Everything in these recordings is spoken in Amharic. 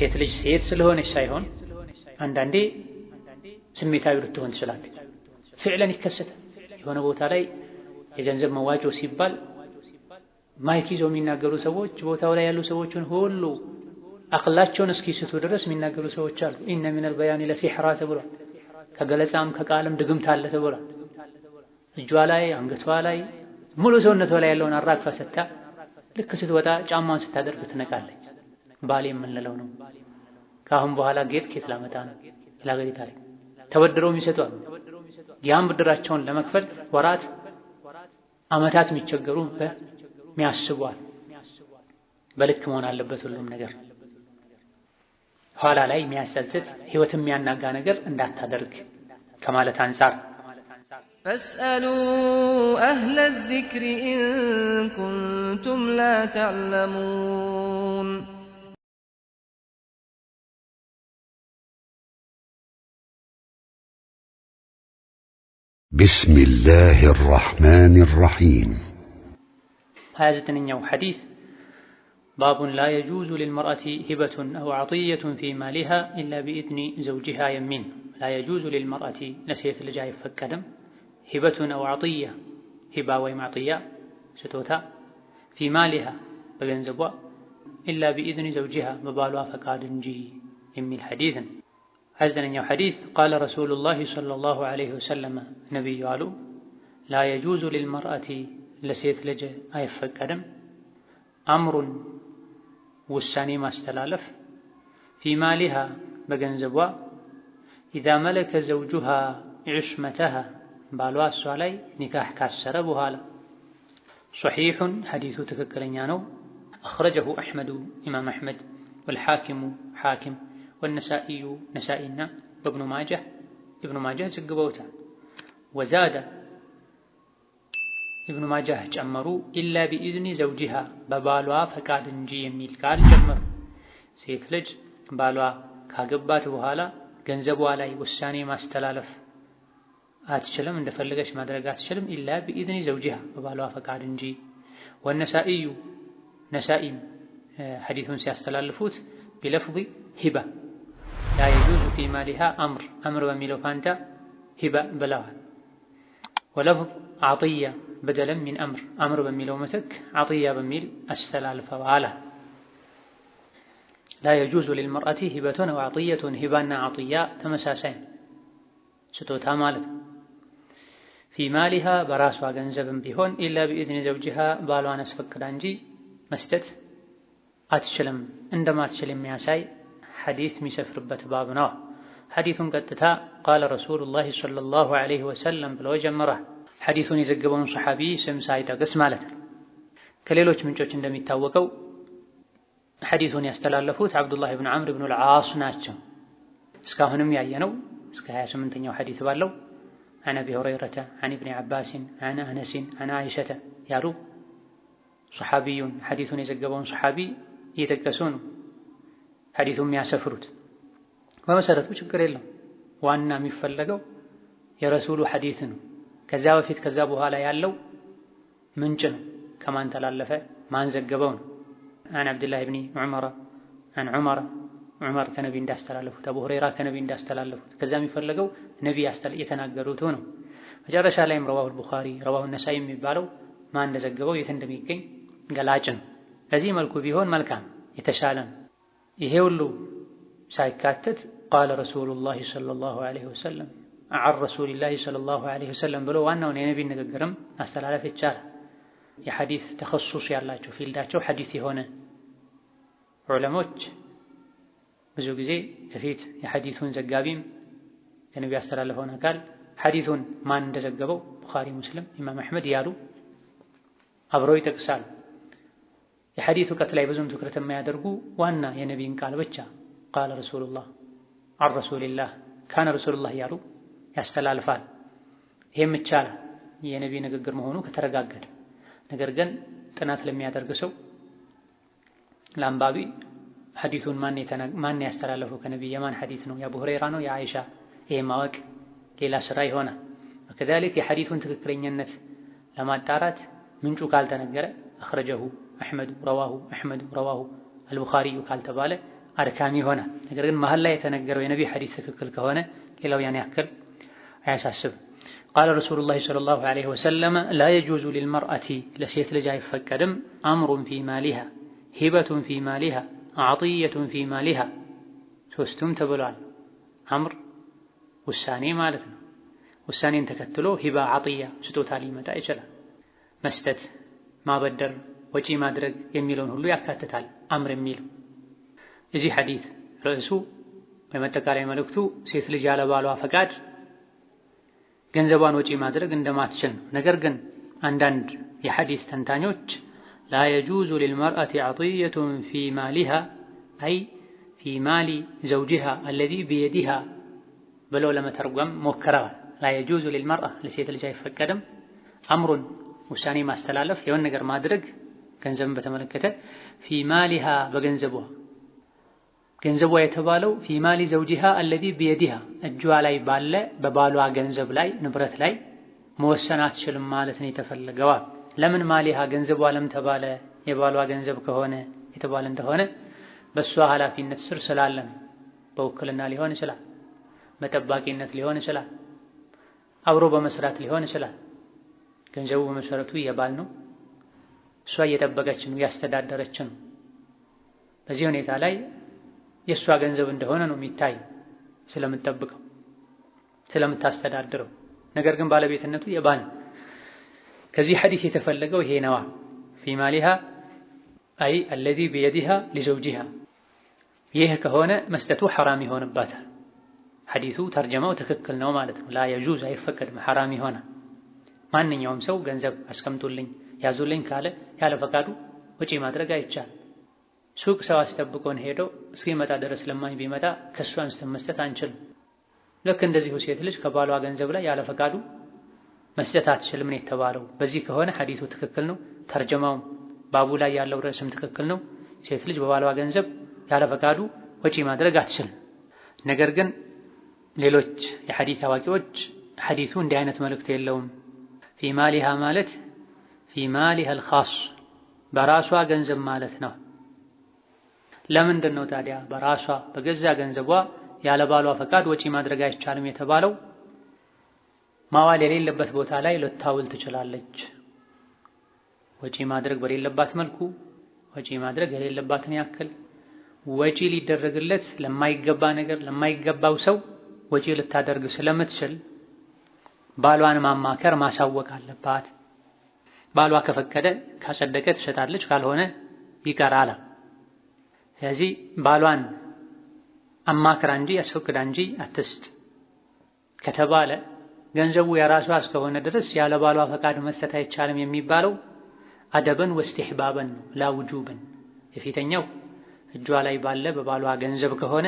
ሴት ልጅ ሴት ስለሆነች ሳይሆን አንዳንዴ ስሜታዊ ልትሆን ትችላለች። ፍዕለን ይከሰታል። የሆነ ቦታ ላይ የገንዘብ መዋጮ ሲባል ማይክ ይዘው የሚናገሩ ሰዎች ቦታው ላይ ያሉ ሰዎችን ሁሉ አቅላቸውን እስኪስቱ ድረስ የሚናገሩ ሰዎች አሉ። ኢነ ሚነል በያኒ ለሲሕራ ተብሏል። ከገለጻም ከቃልም ድግምት አለ ተብሏል። እጇ ላይ አንገቷ ላይ ሙሉ ሰውነቷ ላይ ያለውን አራግፋ ሰታ ልክ ስትወጣ ጫማን ስታደርግ ትነቃለች። ባል የምንለው ነው። ከአሁን በኋላ ጌጥ ኬት ላመጣ ነው ይላል ታሪክ። ተበድረው የሚሰጡ ያን ብድራቸውን ለመክፈል ወራት አመታት የሚቸገሩ በሚያስቧል። በልክ መሆን አለበት ሁሉም ነገር። ኋላ ላይ የሚያሳዝት ህይወት የሚያናጋ ነገር እንዳታደርግ ከማለት አንጻር ፈስአሉ አህለ ዚክሪ ኢን ኩንቱም ላ ተዕለሙን بسم الله الرحمن الرحيم هذا تنينيو حديث باب لا يجوز للمرأة هبة أو عطية في مالها إلا بإذن زوجها يمين لا يجوز للمرأة نسيت الجاي فكدم هبة أو عطية هبة ومعطية ستوتا في مالها بجنزبوا إلا بإذن زوجها مبالوا فكاد جي يمي حديثا أن حديث قال رسول الله صلى الله عليه وسلم نبي يعلو لا يجوز للمرأة لسيت أي فكرم أمر والساني ما استلالف في مالها بقنزبوا إذا ملك زوجها عشمتها بالواس السؤالي نكاح كسر بهالا صحيح حديث تككلنيانو أخرجه أحمد إمام أحمد والحاكم حاكم ወነሳኢዩ ነሳኢና ወብኑ ማጃህ ኢብኑ ማጃህ ዘግበውታል። ወዛዳ ኢብኑ ማጃህ ጨመሩ። ኢላ ቢኢዝኒ ዘውጂሃ በባሏ ፈቃድ እንጂ የሚል ቃል ጨመሩ። ሴት ልጅ ባሏ ካገባት በኋላ ገንዘቧ ላይ ውሳኔ ማስተላለፍ አትችልም፣ እንደፈለገች ማድረግ አትችልም። ኢላ ቢኢዝኒ ዘውጂሃ በባሏ ፈቃድ እንጂ። ወነሳኢዩ ነሳኢን ሐዲቱን ሲያስተላልፉት ቢለፍዚ ሂባ ላየጁዙ ፊ ማሊሃ አምር አምር በሚለው ፋንታ ሂባ ብለዋል። ወለፍዝ አጥያ በደለም ሚን አምር አምር በሚለው ምትክ አጥያ በሚል አስተላልፈዋል። ላየጁዙ ሊልመርአቲ ሂበቱን አው አጥየቱን ሂባና አጥያ ተመሳሳይ ስጦታ ማለት ነው። ፊ ማሊሃ በራሷ ገንዘብም ቢሆን ኢላ ቢኢዝኒ ዘውጅሃ ባሏን አስፈቅዳ እንጂ መስጠት አትችልም እንደማትችል የሚያሳይ حديث ربة بابنا حديث قد قال رسول الله صلى الله عليه وسلم بلو جمرة حديث يزقبون صحابي سم سايتا قسم على كليلوش من جوش اندمي تاوكو حديث يستلالفوت عبد الله بن عمرو بن العاص ناتشم اسكاهنم يعينو اسكاها سمنتن يو حديث بالو عن ابي هريرة عن ابن عباس عن انس عن عائشة يارو صحابي حديث يزقبون صحابي يتكسونه ሐዲሱ የሚያሰፍሩት በመሰረቱ ችግር የለም ዋና የሚፈለገው የረሱሉ ሐዲስ ነው። ከዛ በፊት ከዛ በኋላ ያለው ምንጭ ነው። ከማን ተላለፈ፣ ማን ዘገበው ነው። አን አብድላህ ብኒ ዑመራ አን ዑመራ ዑመር ከነቢ እንዳስተላለፉት፣ አቡ ሁረይራ ከነቢ እንዳስተላለፉት፣ ከዛ የሚፈለገው ነቢ የተናገሩት ነው። መጨረሻ ላይም ረዋሁል ቡኻሪ ረዋሁል ነሳኢ የሚባለው ማን እንደዘገበው የት እንደሚገኝ ገላጭ ነው። በዚህ መልኩ ቢሆን መልካም የተሻለ ነው። ይሄ ሁሉ ሳይካተት ቃለ ረሱሉላሂ ሰለላሁ ዐለይሂ ወሰለም አን ረሱሊላሂ ሰለላሁ ዐለይሂ ወሰለም ብሎ ዋናውን የነቢይ ንግግርም አስተላለፍ ይቻላል። የሐዲስ ተኸሱስ ያላቸው ፊልዳቸው ሐዲስ የሆነ ዑለሞች ብዙ ጊዜ ከፊት የሐዲሱን ዘጋቢም ከነቢዩ ያስተላለፈውን አካል ሐዲሱን ማን እንደዘገበው ቡኻሪ፣ ሙስሊም፣ ኢማም አሕመድ እያሉ አብረው ይጠቅሳሉ። የሐዲት እውቀት ላይ ብዙም ትኩረት የማያደርጉ ዋና የነቢይን ቃል ብቻ ቃለ ረሱሉላህ አን ረሱልላህ ካነ ረሱሉላህ እያሉ ያስተላልፋል። ይህም ይቻል የነቢይ ንግግር መሆኑ ከተረጋገጠ። ነገር ግን ጥናት ለሚያደርግ ሰው ለአንባቢ ሐዲቱን ማን ያስተላለፈው ከነቢይ የማን ሐዲት ነው? የአቡ ሁረይራ ነው? የአይሻ? ይሄ ማወቅ ሌላ ስራ ይሆናል። ከዛሊክ የሐዲቱን ትክክለኛነት ለማጣራት ምንጩ ካልተነገረ አኽረጀሁ أحمد رواه أحمد رواه البخاري قال تبالة أركامي هنا لكن ما يتنقر ونبي حديث سككل كهونة كلاو يعني أكل عيسى السب قال رسول الله صلى الله عليه وسلم لا يجوز للمرأة لسيت لجاي فكرم أمر في مالها هبة في مالها عطية في مالها سوستم تبلال أمر والثاني مالتنا والثاني تكتلو هبة عطية ستو تعليم تأجلا مستت ما بدر ወጪ ማድረግ የሚለውን ሁሉ ያካትታል። አምር የሚለው እዚህ ሐዲት ርዕሱ በመጠቃላይ መልእክቱ ሴት ልጅ ያለ ባሏ ፈቃድ ገንዘቧን ወጪ ማድረግ እንደማትችል ነው። ነገር ግን አንዳንድ የሐዲስ ተንታኞች ላ የጁዙ ሊልመርአቲ አጥየቱን ፊ ማሊሃ አይ ፊ ማሊ ዘውጅሃ አለዚ ቢየዲሃ ብለው ለመተርጎም ሞክረዋል። ላ የጁዙ ሊልመርአ ለሴት ልጅ አይፈቀድም አምሩን ውሳኔ ማስተላለፍ የሆነ ነገር ማድረግ ገንዘብን በተመለከተ ፊማሊሃ በገንዘቧ ገንዘቧ የተባለው ፊማሊ ዘውጂሃ አለዚ ቢየዲሃ እጇ ላይ ባለ በባሏ ገንዘብ ላይ ንብረት ላይ መወሰን አትችልም ማለት ነው የተፈለገዋል። ለምን ማሊሃ ገንዘቧ ለም ተባለ? የባሏ ገንዘብ ከሆነ የተባለ እንደሆነ በእሷ ኃላፊነት ስር ስላለም በውክልና ሊሆን ይችላል፣ በጠባቂነት ሊሆን ይችላል፣ አብሮ በመስራት ሊሆን ይችላል። ገንዘቡ በመሰረቱ የባል ነው። እሷ እየጠበቀች ነው እያስተዳደረች ነው። በዚህ ሁኔታ ላይ የእሷ ገንዘብ እንደሆነ ነው የሚታይ ስለምትጠብቀው ስለምታስተዳድረው። ነገር ግን ባለቤትነቱ የባል ከዚህ ሐዲስ የተፈለገው ይሄ ነዋ። ፊማሊሃ አይ አለዚ ቢየዲሃ ሊዘውጂሃ። ይህ ከሆነ መስጠቱ ሐራም ይሆንባታል። ሐዲሱ ተርጀማው ትክክል ነው ማለት ነው። ላ የጁዝ አይፈቀድም፣ ሐራም ይሆናል። ማንኛውም ሰው ገንዘብ አስቀምጡልኝ ያዙልኝ ካለ ያለ ፈቃዱ ወጪ ማድረግ አይቻል። ሱቅ ሰው አስጠብቆን ሄዶ እስኪመጣ ድረስ ለማኝ ቢመጣ ከሱ አንስተን መስጠት አንችልም። ልክ እንደዚሁ ሴት ልጅ ከባሏ ገንዘብ ላይ ያለ ፈቃዱ መስጠት አትችልም የተባለው በዚህ ከሆነ ሐዲቱ ትክክል ነው። ተርጀማውም ባቡ ላይ ያለው ርዕስም ትክክል ነው። ሴት ልጅ በባሏ ገንዘብ ያለ ፈቃዱ ወጪ ማድረግ አትችልም። ነገር ግን ሌሎች የሐዲት አዋቂዎች ሐዲቱ እንዲህ አይነት መልእክት የለውም ፊማሊሃ ማለት ፊማሊህ አልኻስ በራሷ ገንዘብ ማለት ነው። ለምንድን ነው ታዲያ በራሷ በገዛ ገንዘቧ ያለ ባሏ ፈቃድ ወጪ ማድረግ አይቻልም የተባለው? ማዋል የሌለበት ቦታ ላይ ልታውል ትችላለች። ወጪ ማድረግ በሌለባት መልኩ ወጪ ማድረግ የሌለባትን ያክል ወጪ ሊደረግለት ለማይገባ ነገር ለማይገባው ሰው ወጪ ልታደርግ ስለምትችል ባሏን ማማከር ማሳወቅ አለባት። ባሏ ከፈቀደ ካጸደቀ ትሰጣለች፣ ካልሆነ ይቀራል። ስለዚህ ባሏን አማክራ እንጂ አስፈቅዳ እንጂ አትስጥ ከተባለ ገንዘቡ የራሷ እስከሆነ ድረስ ያለ ባሏ ፈቃድ መስጠት አይቻልም የሚባለው አደበን ወስቲሕባበን ነው ላውጁብን። የፊተኛው እጇ ላይ ባለ በባሏ ገንዘብ ከሆነ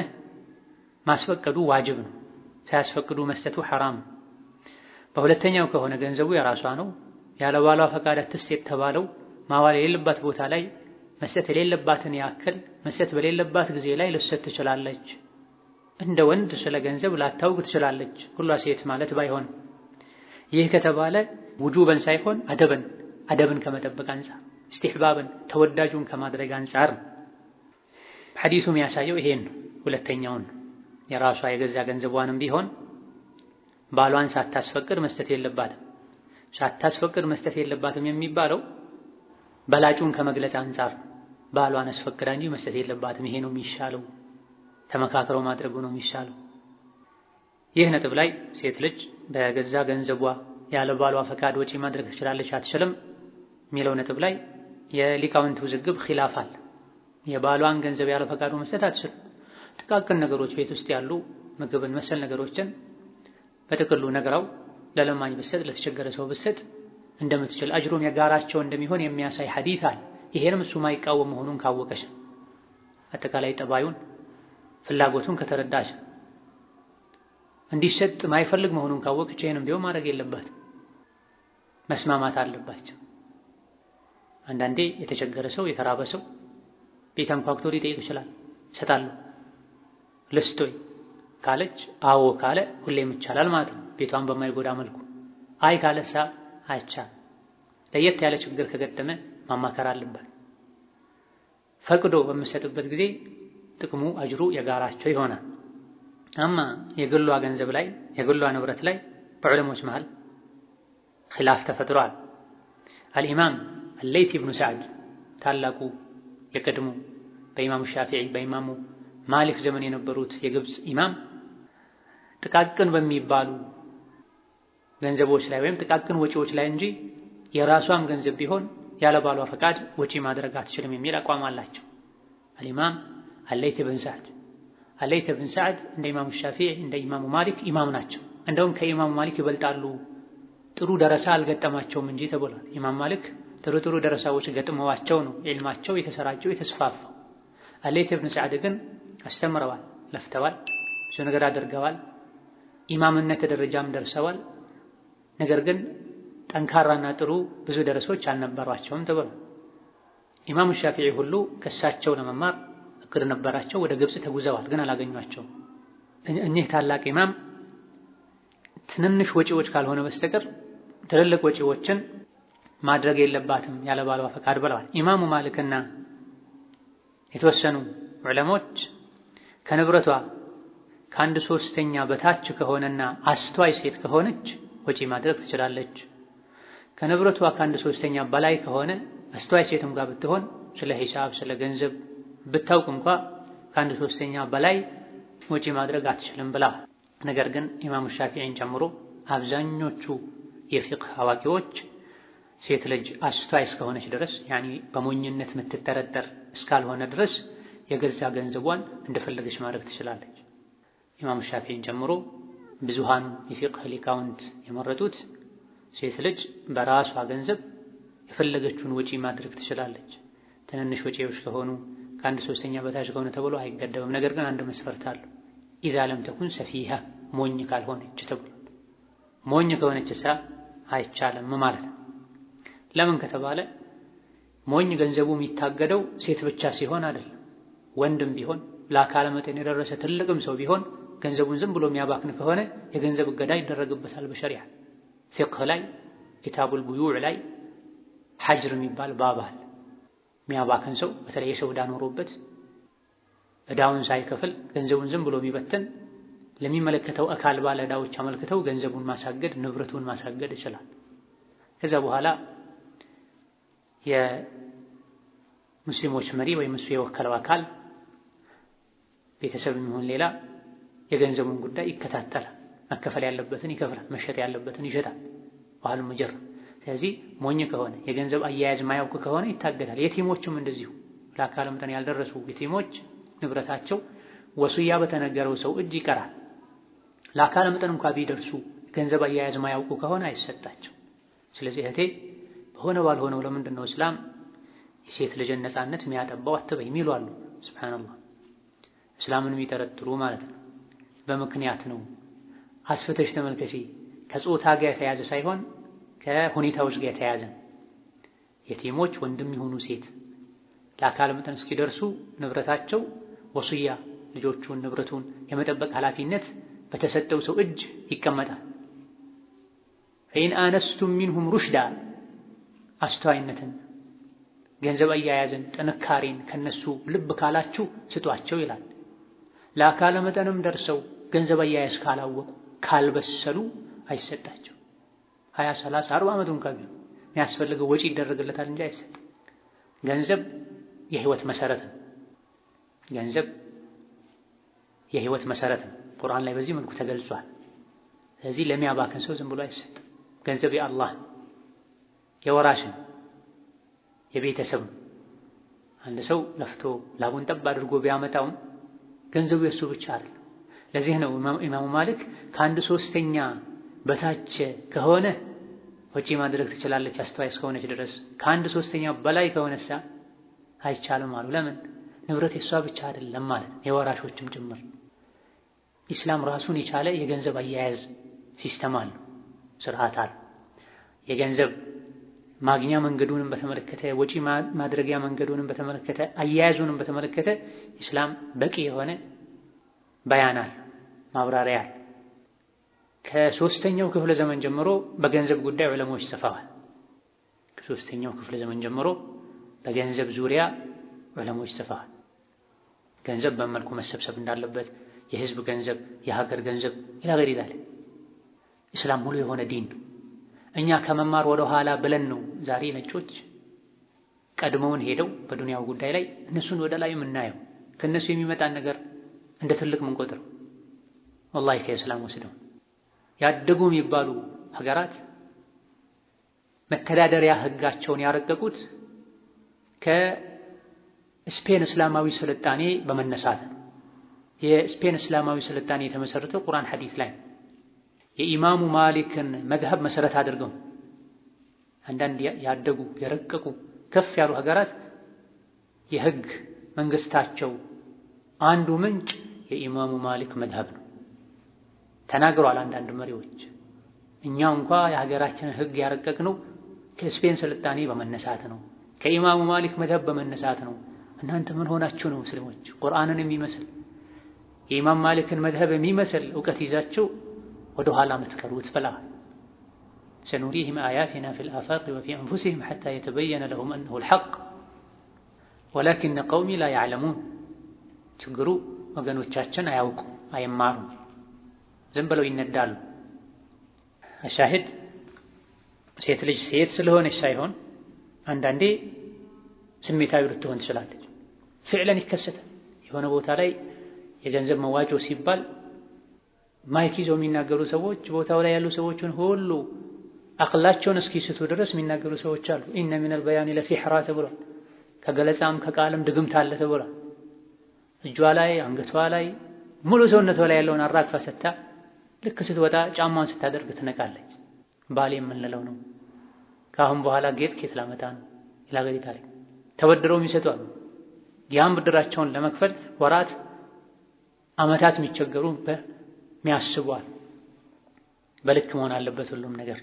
ማስፈቀዱ ዋጅብ ነው፣ ሳያስፈቅዱ መስጠቱ ሐራም። በሁለተኛው ከሆነ ገንዘቡ የራሷ ነው ያለ ባሏ ፈቃድ አትስጥ የተባለው ማዋል የሌለባት ቦታ ላይ መስጠት የሌለባትን ያክል መስጠት በሌለባት ጊዜ ላይ ልሰጥ ትችላለች። እንደ ወንድ ስለ ገንዘብ ላታውቅ ትችላለች፣ ሁሏ ሴት ማለት ባይሆን። ይህ ከተባለ ውጁበን ሳይሆን አደብን አደብን ከመጠበቅ አንጻር ኢስቲህባብን ተወዳጁን ከማድረግ አንጻር ሐዲሱ የሚያሳየው ይሄን ነው። ሁለተኛውን የራሷ የገዛ ገንዘቧንም ቢሆን ባሏን ሳታስፈቅድ መስጠት የለባትም። ሳታስፈቅድ መስጠት የለባትም የሚባለው በላጩን ከመግለጽ አንጻር ባሏን አስፈቅዳ እንጂ መስጠት የለባትም ይሄ ነው የሚሻለው፣ ተመካክረው ማድረጉ ነው የሚሻለው። ይህ ነጥብ ላይ ሴት ልጅ በገዛ ገንዘቧ ያለ ባሏ ፈቃድ ወጪ ማድረግ ትችላለች አትችልም የሚለው ነጥብ ላይ የሊቃውንት ውዝግብ አለ። የባሏን ገንዘብ ያለ ፈቃዱ መስጠት አትችልም። ጥቃቅን ነገሮች ቤት ውስጥ ያሉ ምግብን መሰል ነገሮችን በጥቅሉ ነግራው ለለማኝ ብሰጥ ለተቸገረ ሰው ብሰጥ እንደምትችል አጅሩም የጋራቸው እንደሚሆን የሚያሳይ ሐዲት አለ። ይሄንም እሱ ማይቃወም መሆኑን ካወቀች አጠቃላይ ጠባዩን ፍላጎቱን ከተረዳች እንዲሰጥ ማይፈልግ መሆኑን ካወቀች ይሄንም ቢሆን ማድረግ የለባትም መስማማት አለባቸው። አንዳንዴ የተቸገረ ሰው የተራበ ሰው ቤት አንኳኩቶ ሊጠይቅ ይችላል። እሰጣለሁ ልስቶይ ካለች አዎ ካለ ሁሌም ይቻላል ማለት ነው፣ ቤቷን በማይጎዳ መልኩ። አይ ካለሳ አቻ ለየት ያለ ችግር ከገጠመ ማማከር አለበት። ፈቅዶ በምሰጥበት ጊዜ ጥቅሙ አጅሩ የጋራቸው ይሆናል። አማ የግሏ ገንዘብ ላይ የግሏ ንብረት ላይ በዑለሞች መሃል ኺላፍ ተፈጥሯል። አልኢማም አለይት ኢብኑ ሰዕድ ታላቁ የቀድሞ በኢማሙ ሻፊዒ በኢማሙ ማሊክ ዘመን የነበሩት የግብፅ ኢማም ጥቃቅን በሚባሉ ገንዘቦች ላይ ወይም ጥቃቅን ወጪዎች ላይ እንጂ የራሷም ገንዘብ ቢሆን ያለ ባሏ ፈቃድ ወጪ ማድረግ አትችልም የሚል አቋም አላቸው። አልኢማም አለይት ብን ሰዓድ አለይት ብን ሰዓድ እንደ ኢማሙ ሻፊዒ እንደ ኢማሙ ማሊክ ኢማም ናቸው። እንደውም ከኢማሙ ማሊክ ይበልጣሉ። ጥሩ ደረሳ አልገጠማቸውም እንጂ ተብሏል። ኢማም ማሊክ ጥሩ ጥሩ ደረሳዎች ገጥመዋቸው ነው ዒልማቸው የተሰራጨው የተስፋፋው። አለይት ብን ሰዓድ ግን አስተምረዋል፣ ለፍተዋል፣ ብዙ ነገር አድርገዋል። ኢማምነት ደረጃም ደርሰዋል። ነገር ግን ጠንካራና ጥሩ ብዙ ደረሶች አልነበሯቸውም ተብሏል። ኢማሙ ሻፊዒ ሁሉ ከሳቸው ለመማር እቅድ ነበራቸው። ወደ ግብፅ ተጉዘዋል፣ ግን አላገኟቸውም። እኚህ ታላቅ ኢማም ትንንሽ ወጪዎች ካልሆነ በስተቀር ትልልቅ ወጪዎችን ማድረግ የለባትም ያለ ባሏ ፈቃድ ብለዋል። ኢማሙ ማሊክና የተወሰኑ ዑለሞች ከንብረቷ ከአንድ ሶስተኛ በታች ከሆነና አስተዋይ ሴት ከሆነች ወጪ ማድረግ ትችላለች። ከንብረቷ ከአንድ ሶስተኛ በላይ ከሆነ አስተዋይ ሴትም ጋር ብትሆን ስለ ሂሳብ፣ ስለ ገንዘብ ብታውቅ እንኳ ከአንድ ሶስተኛ በላይ ወጪ ማድረግ አትችልም ብላ። ነገር ግን ኢማሙ ሻፊዒን ጨምሮ አብዛኞቹ የፊቅህ አዋቂዎች ሴት ልጅ አስተዋይ እስከሆነች ድረስ ያኒ በሞኝነት የምትጠረጠር እስካልሆነ ድረስ የገዛ ገንዘቧን እንደፈለገች ማድረግ ትችላለች። ኢማም ሻፊን ጨምሮ ብዙሃን የፊቅህ ሊቃውንት የመረጡት ሴት ልጅ በራሷ ገንዘብ የፈለገችውን ወጪ ማድረግ ትችላለች። ትንንሽ ወጪዎች ከሆኑ ከአንድ ሶስተኛ በታች ከሆነ ተብሎ አይገደብም። ነገር ግን አንድ መስፈርት አለው። ኢዛ ለም ተኩን ሰፊሃ ሞኝ ካልሆነች ተብሎ ሞኝ ከሆነችሳ አይቻልም ማለት ነው። ለምን ከተባለ ሞኝ ገንዘቡ የሚታገደው ሴት ብቻ ሲሆን አይደለም። ወንድም ቢሆን ለአካለ መጠን የደረሰ ትልቅም ሰው ቢሆን ገንዘቡን ዝም ብሎ የሚያባክን ከሆነ የገንዘብ እገዳ ይደረግበታል። በሸሪዓ ፊቅህ ላይ ኪታቡል ቡዩዕ ላይ ሐጅር የሚባል ባባል የሚያባክን ሰው በተለይ የሰው ዕዳ ኖሮበት ዕዳውን ሳይከፍል ገንዘቡን ዝም ብሎ የሚበትን ለሚመለከተው አካል ባለ ዕዳዎች አመልክተው ገንዘቡን ማሳገድ ንብረቱን ማሳገድ ይችላል። ከዛ በኋላ የሙስሊሞች መሪ ወይም እሱ የወከለው አካል ቤተሰብ የሚሆን ሌላ የገንዘቡን ጉዳይ ይከታተላል። መከፈል ያለበትን ይከፍላል፣ መሸጥ ያለበትን ይሸጣል። ባህሉን መጀር ስለዚህ ሞኝ ከሆነ የገንዘብ አያያዝ ማያውቅ ከሆነ ይታገዳል። የቲሞችም እንደዚሁ ለአካለ መጠን ያልደረሱ የቲሞች ንብረታቸው ወሱያ በተነገረው ሰው እጅ ይቀራል። ለአካለ መጠን እንኳ ቢደርሱ ገንዘብ አያያዝ ማያውቁ ከሆነ አይሰጣቸው። ስለዚህ እህቴ በሆነ ባልሆነው ለምንድን ነው እስላም የሴት ልጅን ነፃነት የሚያጠባው አትበይ የሚሉ አሉ። እስላምን የሚጠረጥሩ ማለት ነው። በምክንያት ነው። አስፍተሽ ተመልከቺ። ከጾታ ጋር የተያዘ ሳይሆን ከሁኔታዎች ጋር የተያዘ የቲሞች ወንድም የሆኑ ሴት ለአካል መጠን እስኪደርሱ ንብረታቸው ወሱያ ልጆቹን ንብረቱን የመጠበቅ ኃላፊነት በተሰጠው ሰው እጅ ይቀመጣል። ፈኢን አነስቱም ሚንሁም ሩሽዳ አስተዋይነትን፣ ገንዘብ አያያዝን፣ ጥንካሬን ከነሱ ልብ ካላችሁ ስጧቸው ይላል። ለአካለ መጠንም ደርሰው ገንዘብ አያያዝ ካላወቁ ካልበሰሉ አይሰጣቸው። ሀያ ሰላሳ አርባ ዓመቱን ካገኙ የሚያስፈልገው ወጪ ይደረግለታል እንጂ አይሰጥ። ገንዘብ የህይወት መሰረት ነው። ገንዘብ የህይወት መሰረት ነው። ቁርአን ላይ በዚህ መልኩ ተገልጿል። ስለዚህ ለሚያባክን ሰው ዝም ብሎ አይሰጥ። ገንዘብ የአላህ የወራሽን የቤተሰብ አንድ ሰው ለፍቶ ላቡን ጠብ አድርጎ ቢያመጣውም ገንዘቡ የእሱ ብቻ አይደለም። ለዚህ ነው ኢማሙ ማሊክ ከአንድ ሶስተኛ በታች ከሆነ ወጪ ማድረግ ትችላለች አስተዋይ እስከሆነች ድረስ፣ ከአንድ ሶስተኛ በላይ ከሆነሳ አይቻልም አሉ። ለምን? ንብረት የእሷ ብቻ አይደለም ማለት የወራሾችም ጭምር። ኢስላም ራሱን የቻለ የገንዘብ አያያዝ ሲስተም አለው፣ ስርዓት አለው። የገንዘብ ማግኛ መንገዱንም በተመለከተ ወጪ ማድረጊያ መንገዱንም በተመለከተ አያያዙንም በተመለከተ ኢስላም በቂ የሆነ በያናል ማብራሪያል። ከሶስተኛው ክፍለ ዘመን ጀምሮ በገንዘብ ጉዳይ ዑለሞች ሰፋዋል። ከሶስተኛው ክፍለ ዘመን ጀምሮ በገንዘብ ዙሪያ ዑለሞች ሰፋዋል። ገንዘብ በመልኩ መሰብሰብ እንዳለበት የህዝብ ገንዘብ፣ የሀገር ገንዘብ ይላገር ይላል። ኢስላም ሙሉ የሆነ ዲን ነው። እኛ ከመማር ወደ ኋላ ብለን ነው ዛሬ ነጮች ቀድመውን ሄደው በዱንያው ጉዳይ ላይ እነሱን ወደ ላይ የምናየው ከእነሱ የሚመጣን ነገር እንደ ትልቅ ምንቆጥረው። ወላሂ ከእስላም ወስደው ያደጉ የሚባሉ ሀገራት መተዳደሪያ ህጋቸውን ያረቀቁት ከስፔን እስላማዊ ስልጣኔ በመነሳት የስፔን እስላማዊ ስልጣኔ የተመሰረተው ቁርአን ሐዲስ ላይ የኢማሙ ማሊክን መዝሀብ መሰረት አድርገው አንዳንድ ያደጉ የረቀቁ ከፍ ያሉ ሀገራት የህግ መንግስታቸው አንዱ ምንጭ የኢማሙ ማሊክ መዝሀብ ነው ተናግሯል። አንዳንድ መሪዎች እኛ እንኳ የሀገራችንን ህግ ያረቀቅነው ከስፔን ስልጣኔ በመነሳት ነው፣ ከኢማሙ ማሊክ መዝሀብ በመነሳት ነው። እናንተ ምን ሆናችሁ ነው? ሙስሊሞች ቁርአንን የሚመስል የኢማም ማሊክን መዝሀብ የሚመስል እውቀት ይዛችሁ ودها لا متكروت فلا سنريهم آياتنا في الآفاق وفي أنفسهم حتى يتبين لهم أنه الحق ولكن قومي لا يعلمون تقروا وقنوا تشاتشن أيوكم أيمارون زنبلو إن الدال الشاهد سيتلج سيت سلهون الشايهون عند عندي سمي تاير التهون فعلا يكسر يهون أبو تالي يجنزب مواجه سيبال ማይክ ይዘው የሚናገሩ ሰዎች ቦታው ላይ ያሉ ሰዎችን ሁሉ አቅላቸውን እስኪስቱ ድረስ የሚናገሩ ሰዎች አሉ። ኢነ ሚነል በያኒ ለሲሕራ ተብሏል። ከገለጻም ከቃልም ድግምት አለ ተብሏል። እጇ ላይ አንገቷ ላይ ሙሉ ሰውነቷ ላይ ያለውን አራግፋ ሰታ ልክ ስትወጣ ጫማን ስታደርግ ትነቃለች። ባሌ የምንለው ነው። ከአሁን በኋላ ጌጥ ኬት ላመጣ ነው ይላገሪ ታሪክ ተበድረው የሚሰጧል። ያም ብድራቸውን ለመክፈል ወራት አመታት የሚቸገሩ ሚያስቧል። በልክ መሆን አለበት ሁሉም ነገር።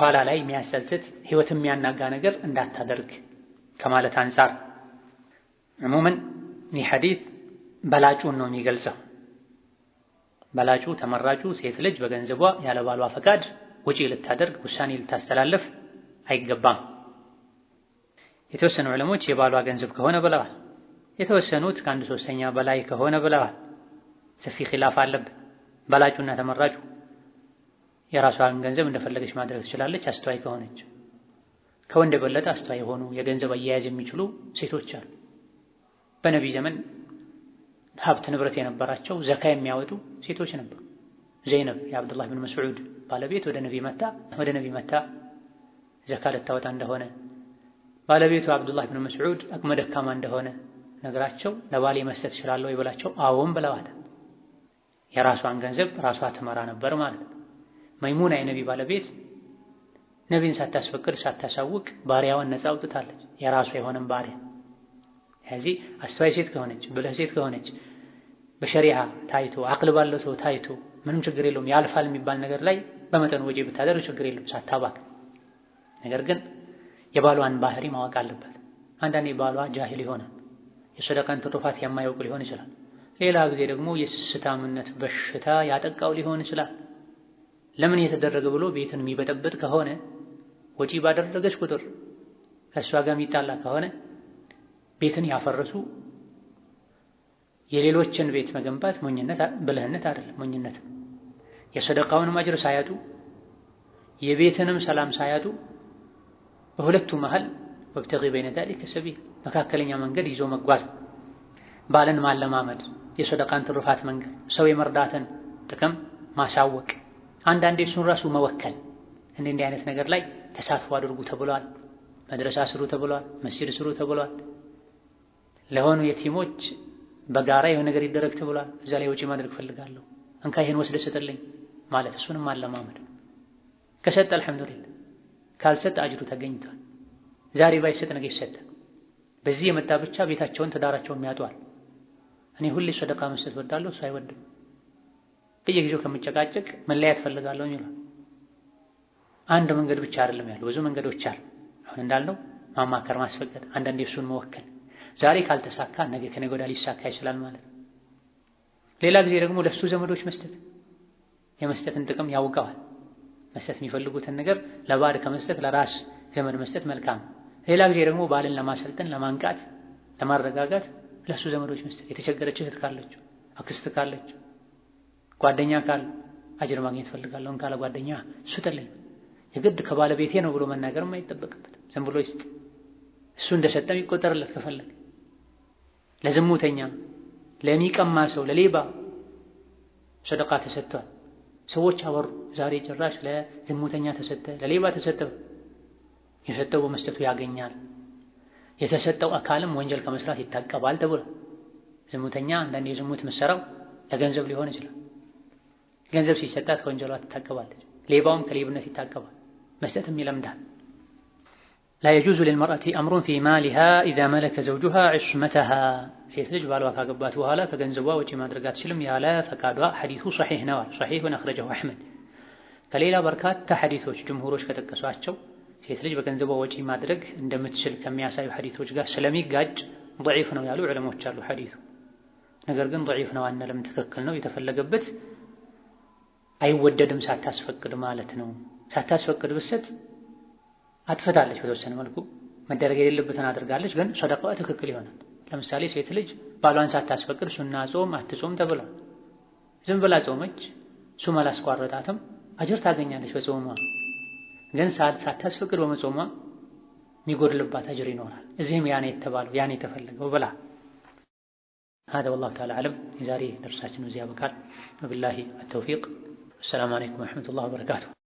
ኋላ ላይ የሚያጸጽት ህይወት የሚያናጋ ነገር እንዳታደርግ ከማለት አንጻር ዕሙምን ይህ ሐዲት በላጩን ነው የሚገልጸው። በላጩ ተመራጩ ሴት ልጅ በገንዘቧ ያለ ባሏ ፈቃድ ውጪ ልታደርግ ውሳኔ ልታስተላለፍ አይገባም። የተወሰኑ ዕለሞች የባሏ ገንዘብ ከሆነ ብለዋል። የተወሰኑት ከአንድ ሶስተኛ በላይ ከሆነ ብለዋል። ሰፊ ኺላፍ አለብ በላጩና ተመራጩ የራሷን ገንዘብ እንደፈለገች ማድረግ ትችላለች፣ አስተዋይ ከሆነች። ከወንድ የበለጠ አስተዋይ የሆኑ የገንዘብ አያያዝ የሚችሉ ሴቶች አሉ። በነቢይ ዘመን ሀብት ንብረት የነበራቸው ዘካ የሚያወጡ ሴቶች ነበሩ። ዘይነብ የአብዱላህ ብን መስዑድ ባለቤት ወደ ነቢ መታ ወደ ነቢ መታ ዘካ ልታወጣ እንደሆነ ባለቤቱ አብዱላህ ብን መስዑድ አቅመ ደካማ እንደሆነ ነግራቸው ለባሌ መስጠት እችላለሁ ይበላቸው አዎም ብለዋታል። የራሷን ገንዘብ ራሷ ትመራ ነበር ማለት ነው። መይሙና የነቢ ባለቤት ነቢን ሳታስፈቅድ ሳታሳውቅ ባሪያዋን ነፃ አውጥታለች፣ የራሷ የሆነም ባሪያ። ስለዚህ አስተዋይ ሴት ከሆነች ብልህ ሴት ከሆነች በሸሪዓ ታይቶ አቅል ባለው ሰው ታይቶ ምንም ችግር የለውም ያልፋል የሚባል ነገር ላይ በመጠኑ ወጪ ብታደርግ ችግር የለውም ሳታባክ። ነገር ግን የባሏን ባህሪ ማወቅ አለበት። አንዳንዴ ባሏ ጃሂል ይሆናል፣ የሰደቃን ትሩፋት የማያውቅ ሊሆን ይችላል ሌላ ጊዜ ደግሞ የስስታምነት በሽታ ያጠቃው ሊሆን ይችላል። ለምን የተደረገ ብሎ ቤትን የሚበጠበጥ ከሆነ ወጪ ባደረገች ቁጥር ከእሷ ጋር የሚጣላ ከሆነ ቤትን ያፈረሱ የሌሎችን ቤት መገንባት ሞኝነት ብልህነት አይደለም፣ ሞኝነት የሰደቃውንም አጅር ሳያጡ የቤትንም ሰላም ሳያጡ በሁለቱ መሃል ወብተጊ በይነ ዛሊከ ሰቢል መካከለኛ መንገድ ይዞ መጓዝ ባልን ማለማመድ የሰደቃን ትሩፋት መንገድ ሰው የመርዳትን ጥቅም ማሳወቅ፣ አንዳንዴ እሱን ራሱ መወከል። እንዲህ እንዲህ አይነት ነገር ላይ ተሳትፎ አድርጉ ተብሏል። መድረሳ ስሩ ተብሏል። መስጂድ ስሩ ተብሏል። ለሆኑ የቲሞች በጋራ የሆነ ነገር ይደረግ ተብሏል። እዛ ላይ ወጪ ማድረግ ፈልጋለሁ እንካ ይሄን ወስደ ስጥልኝ ማለት እሱንም አለማመድ። ከሰጠ አልሐምዱሊላህ፣ ካልሰጠ አጅሩ ተገኝቷል። ዛሬ ባይሰጥ ነገ ይሰጣል። በዚህ የመጣ ብቻ ቤታቸውን ትዳራቸውን ያጧል። እኔ ሁሌ ሰደቃ መስጠት እወዳለሁ፣ እሱ አይወድም። በየጊዜው ከምጨቃጨቅ መለያየት ፈልጋለሁ ይላል። አንድ መንገድ ብቻ አይደለም ያለው፣ ብዙ መንገዶች አሉ። አሁን እንዳልነው ማማከር፣ ማስፈቀድ፣ አንዳንዴ እሱን መወከል። ዛሬ ካልተሳካ ነገ ከነገ ወዲያ ሊሳካ ይችላል ማለት ነው። ሌላ ጊዜ ደግሞ ለሱ ዘመዶች መስጠት፣ የመስጠትን ጥቅም ያውቀዋል። መስጠት የሚፈልጉትን ነገር ለባድ ከመስጠት ለራስ ዘመድ መስጠት መልካም። ሌላ ጊዜ ደግሞ ባልን ለማሰልጠን፣ ለማንቃት፣ ለማረጋጋት ለእሱ ዘመዶች መስጠት የተቸገረች እህት ካለች፣ አክስት ካለች፣ ጓደኛ ካለ አጅር ማግኘት ፈልጋለሁ ካለ ጓደኛ ስጥልኝ። የግድ ከባለቤቴ ነው ብሎ መናገርም አይጠበቅበት። ዝም ብሎ ይስጥ። እሱ እንደሰጠም ይቆጠርለት። ከፈለግ ለዝሙተኛ፣ ለሚቀማ ሰው፣ ለሌባ ሰደቃ ተሰጥቷል። ሰዎች አወሩ። ዛሬ ጭራሽ ለዝሙተኛ ተሰጠ፣ ለሌባ ተሰጠ። የሰጠው በመስጠቱ ያገኛል። የተሰጠው አካልም ወንጀል ከመስራት ይታቀባል ተብሎ ዝሙተኛ አንዳንዴ ዝሙት የምትሰራው ለገንዘብ ሊሆን ይችላል። ገንዘብ ሲሰጣት ከወንጀሏ ትታቀባለች። ሌባውም ከሌብነት ይታቀባል፣ መስጠትም ይለምዳል። لا يجوز للمرأة أمر في مالها إذا ملك زوجها عشمتها سيت لج بالوا كعبات وهالا كجنزوا وجه مدرجات سلم يا لا فكادوا حديث صحيح نوى صحيح أخرجه أحمد كليلا بركات تحديثه جمهورش كتكسوا أشوا ሴት ልጅ በገንዘቧ ወጪ ማድረግ እንደምትችል ከሚያሳዩ ሐዲቶች ጋር ስለሚጋጭ ضعيف ነው ያሉ ዕለሞች አሉ። ሐዲቱ ነገር ግን ضعيف ነው አንልም፣ ትክክል ነው። የተፈለገበት አይወደድም ሳታስፈቅድ ማለት ነው። ሳታስፈቅድ ብሰጥ አጥፍታለች፣ በተወሰነ መልኩ መደረግ የሌለበትን አድርጋለች። ግን ሰደቃዋ ትክክል ይሆናል። ለምሳሌ ሴት ልጅ ባሏን ሳታስፈቅድ ሱና ጾም አትጾም ተብሏል። ዝም ብላ ጾመች፣ ሱም አላስቋረጣትም፣ አጅር ታገኛለች በጾሟ ግን ሳታስፈቅድ በመጾሟ የሚጎድልባት አጅር ይኖራል። እዚህም ያኔ የተባለው ያኔ የተፈለገው ብላ هذا والله تعالى أعلم የዛሬ ደርሳችን እዚህ ያበቃል። التوفيق አተውፊቅ። عليكم አለይኩም الله وبركاته